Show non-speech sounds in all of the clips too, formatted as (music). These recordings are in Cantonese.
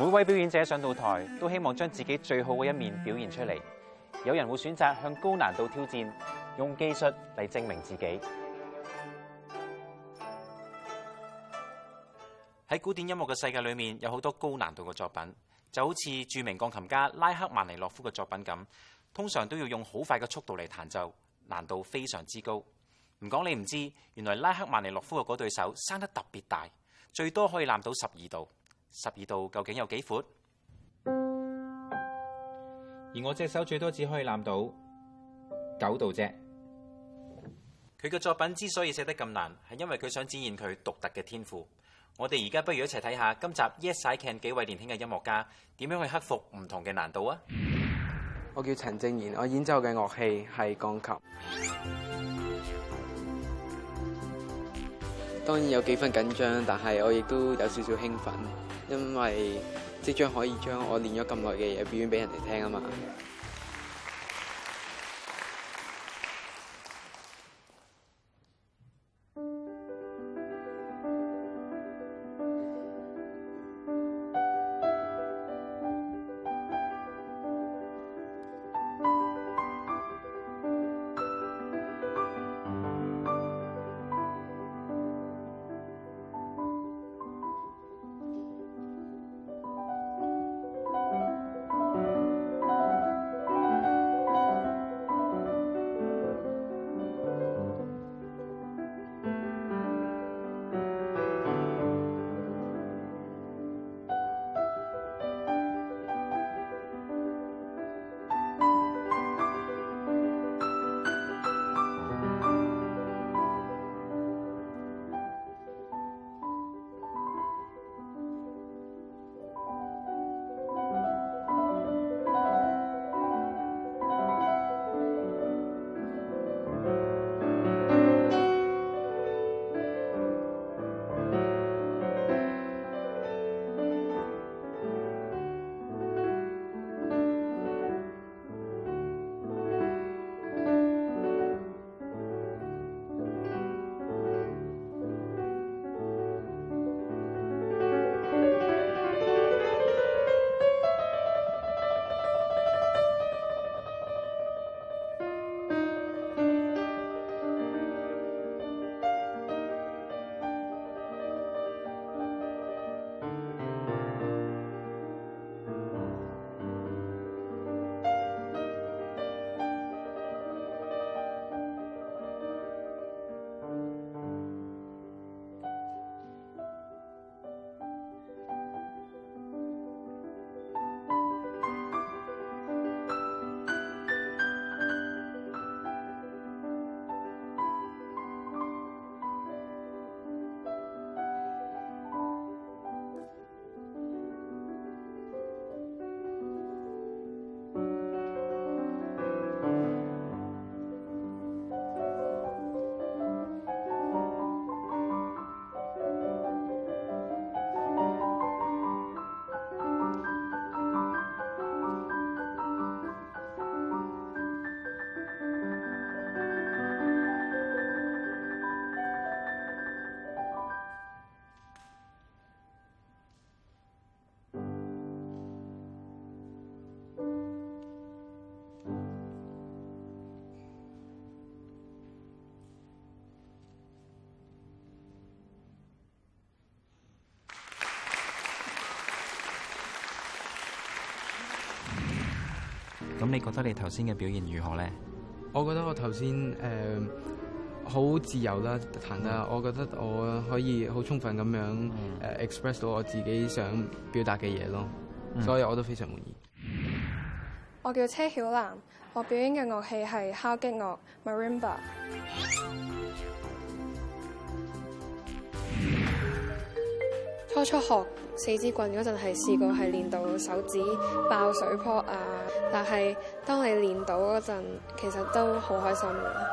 每位表演者上到台，都希望將自己最好嘅一面表現出嚟。有人會選擇向高難度挑戰，用技術嚟證明自己。喺古典音樂嘅世界裏面，有好多高難度嘅作品，就好似著名鋼琴家拉赫曼尼洛夫嘅作品咁。通常都要用好快嘅速度嚟彈奏，難度非常之高。唔講你唔知，原來拉赫曼尼洛夫嘅嗰對手生得特別大，最多可以攬到十二度。十二度究竟有幾闊？而我隻手最多只可以攬到九度啫。佢嘅作品之所以寫得咁難，係因為佢想展現佢獨特嘅天賦。我哋而家不如一齊睇下今集 Yes I Can 幾位年輕嘅音樂家點樣去克服唔同嘅難度啊！我叫陳正賢，我演奏嘅樂器係鋼琴。當然有幾分緊張，但係我亦都有少少興奮，因為即將可以將我練咗咁耐嘅嘢表演俾人哋聽啊嘛！你覺得你頭先嘅表現如何咧？我覺得我頭先誒，好自由啦彈得。嗯、我覺得我可以好充分咁樣誒 express 到我自己想表達嘅嘢咯，嗯、所以我都非常滿意。我叫車曉蘭，我表演嘅樂器係敲擊樂 marimba。初初學四支棍嗰陣，係試過係練到手指爆水泡啊！但係，當你練到嗰陣，其實都好開心嘅。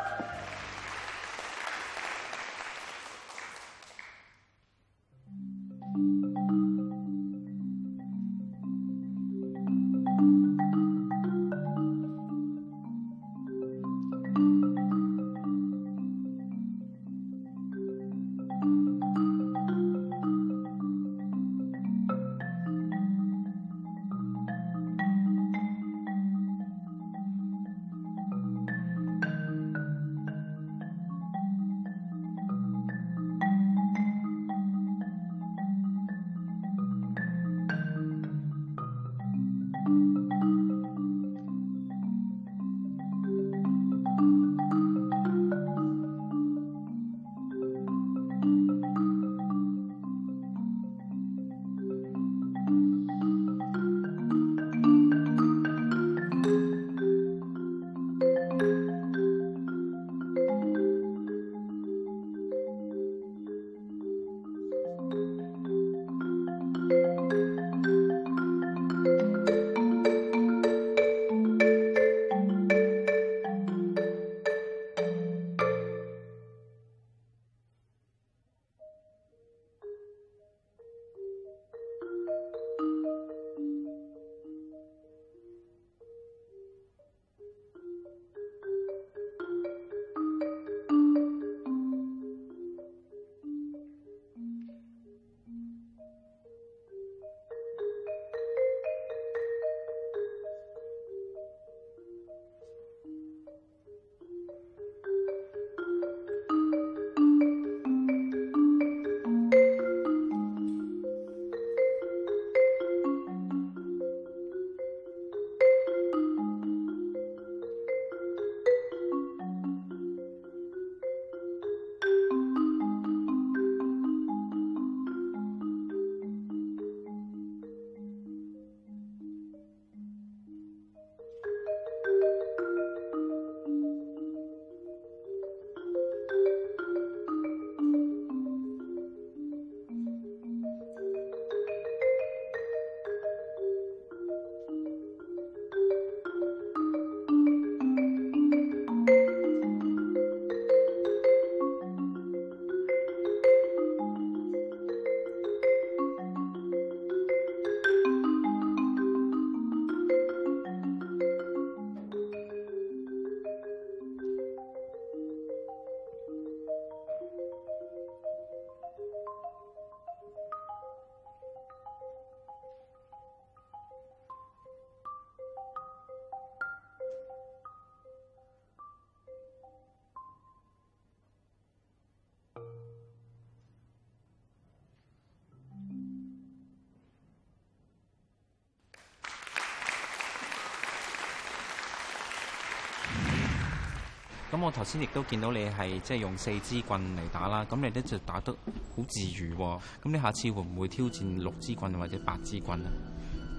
咁我頭先亦都見到你係即係用四支棍嚟打啦，咁你呢就打得好自如喎。咁你下次會唔會挑戰六支棍或者八支棍咧？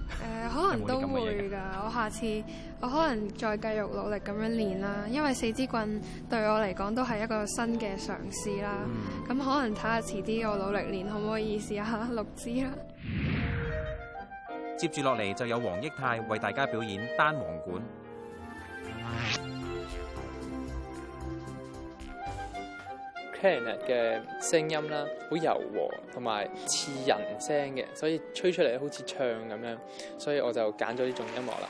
誒、呃，可能都 (laughs) 會㗎。我下次我可能再繼續努力咁樣練啦，因為四支棍對我嚟講都係一個新嘅嘗試啦。咁、嗯、可能睇下遲啲我努力練，可唔可以試下六支啦？接住落嚟就有黃益泰為大家表演單簧管。p a n e 嘅聲音啦，好柔和，同埋似人聲嘅，所以吹出嚟好似唱咁樣，所以我就揀咗呢種音樂啦。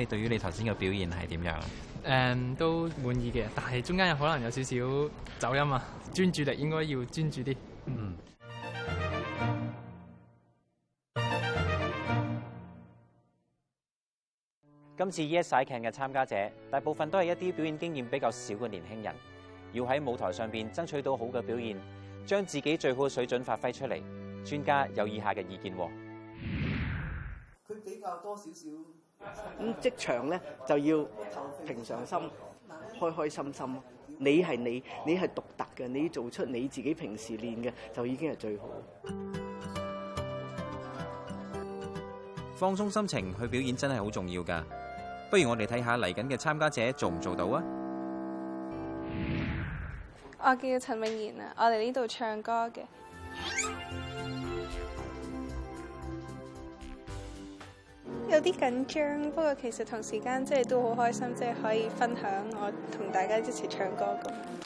你對於你頭先嘅表現係點樣？誒、嗯，都滿意嘅，但係中間有可能有少少走音啊！專注力應該要專注啲。嗯。今次 Yes I Can 嘅參加者大部分都係一啲表演經驗比較少嘅年輕人，要喺舞台上邊爭取到好嘅表現，將自己最好嘅水準發揮出嚟。專家有以下嘅意見：佢比較多少少。咁職場咧，就要平常心，開開心心。你係你，你係獨特嘅，你做出你自己平時練嘅就已經係最好。放鬆心情去表演真係好重要噶，不如我哋睇下嚟緊嘅參加者做唔做到啊？我叫陳永賢啊，我哋呢度唱歌嘅。有啲緊張，不過其實同時間即係都好開心，即係可以分享我同大家一齊唱歌噉。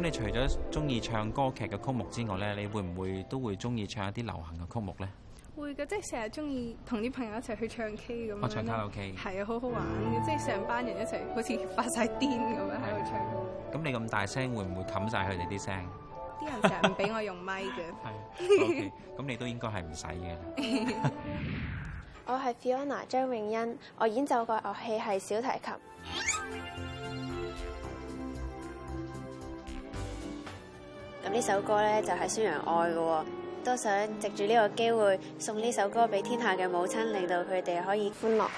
咁你除咗中意唱歌劇嘅曲目之外咧，你會唔會都會中意唱一啲流行嘅曲目咧？會嘅，即係成日中意同啲朋友一齊去唱 K 咁。我、哦、唱卡拉 OK，係啊，好好玩嘅，嗯、即係成班人一齊，好似發晒癲咁樣喺度對唱。咁你咁大聲，會唔會冚晒佢哋啲聲？啲人成日唔俾我用咪嘅。 (laughs) 係，咁你都應該係唔使嘅。 (laughs) 我係 Fiona 張永欣，我演奏個樂器係小提琴。呢首歌咧就係宣揚愛嘅，都想藉住呢個機會，送呢首歌俾天下嘅母親，令到佢哋可以歡樂。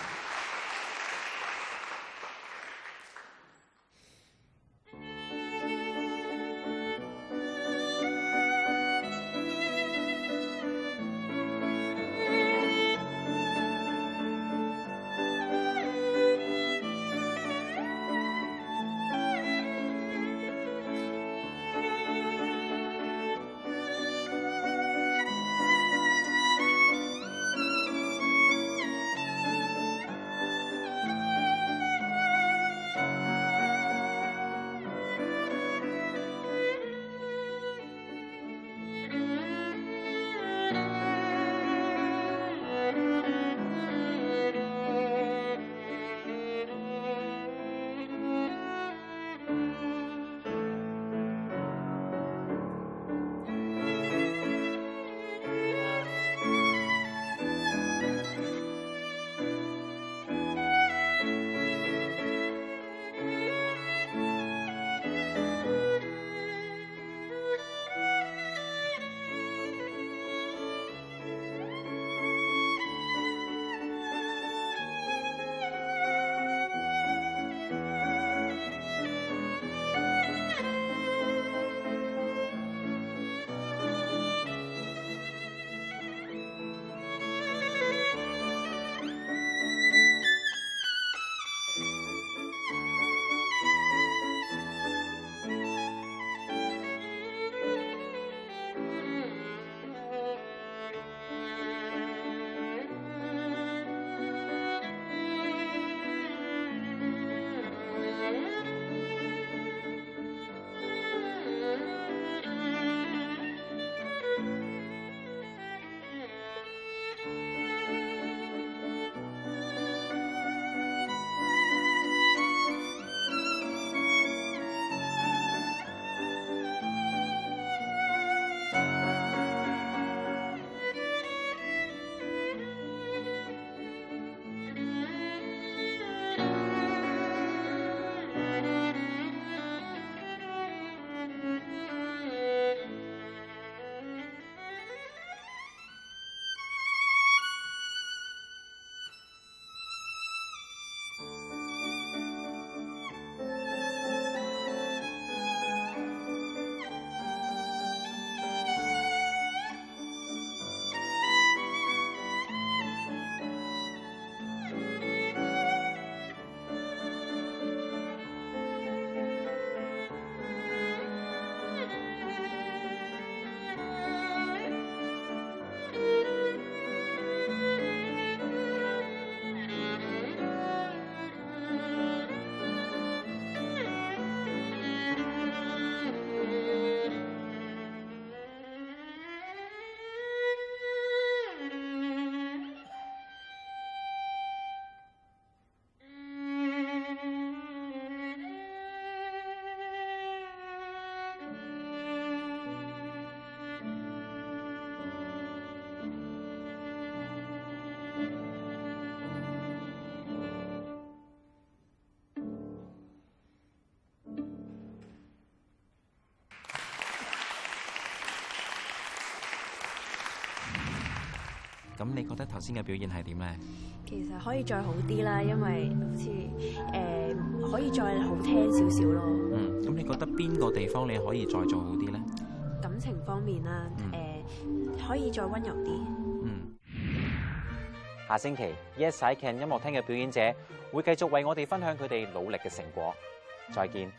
咁你覺得頭先嘅表現係點咧？其實可以再好啲啦，因為好似誒、呃、可以再好聽少少咯。嗯，咁你覺得邊個地方你可以再做好啲咧？感情方面啦，誒、嗯呃、可以再溫柔啲。嗯。下星期 Yes I Can 音樂廳嘅表演者會繼續為我哋分享佢哋努力嘅成果。再見。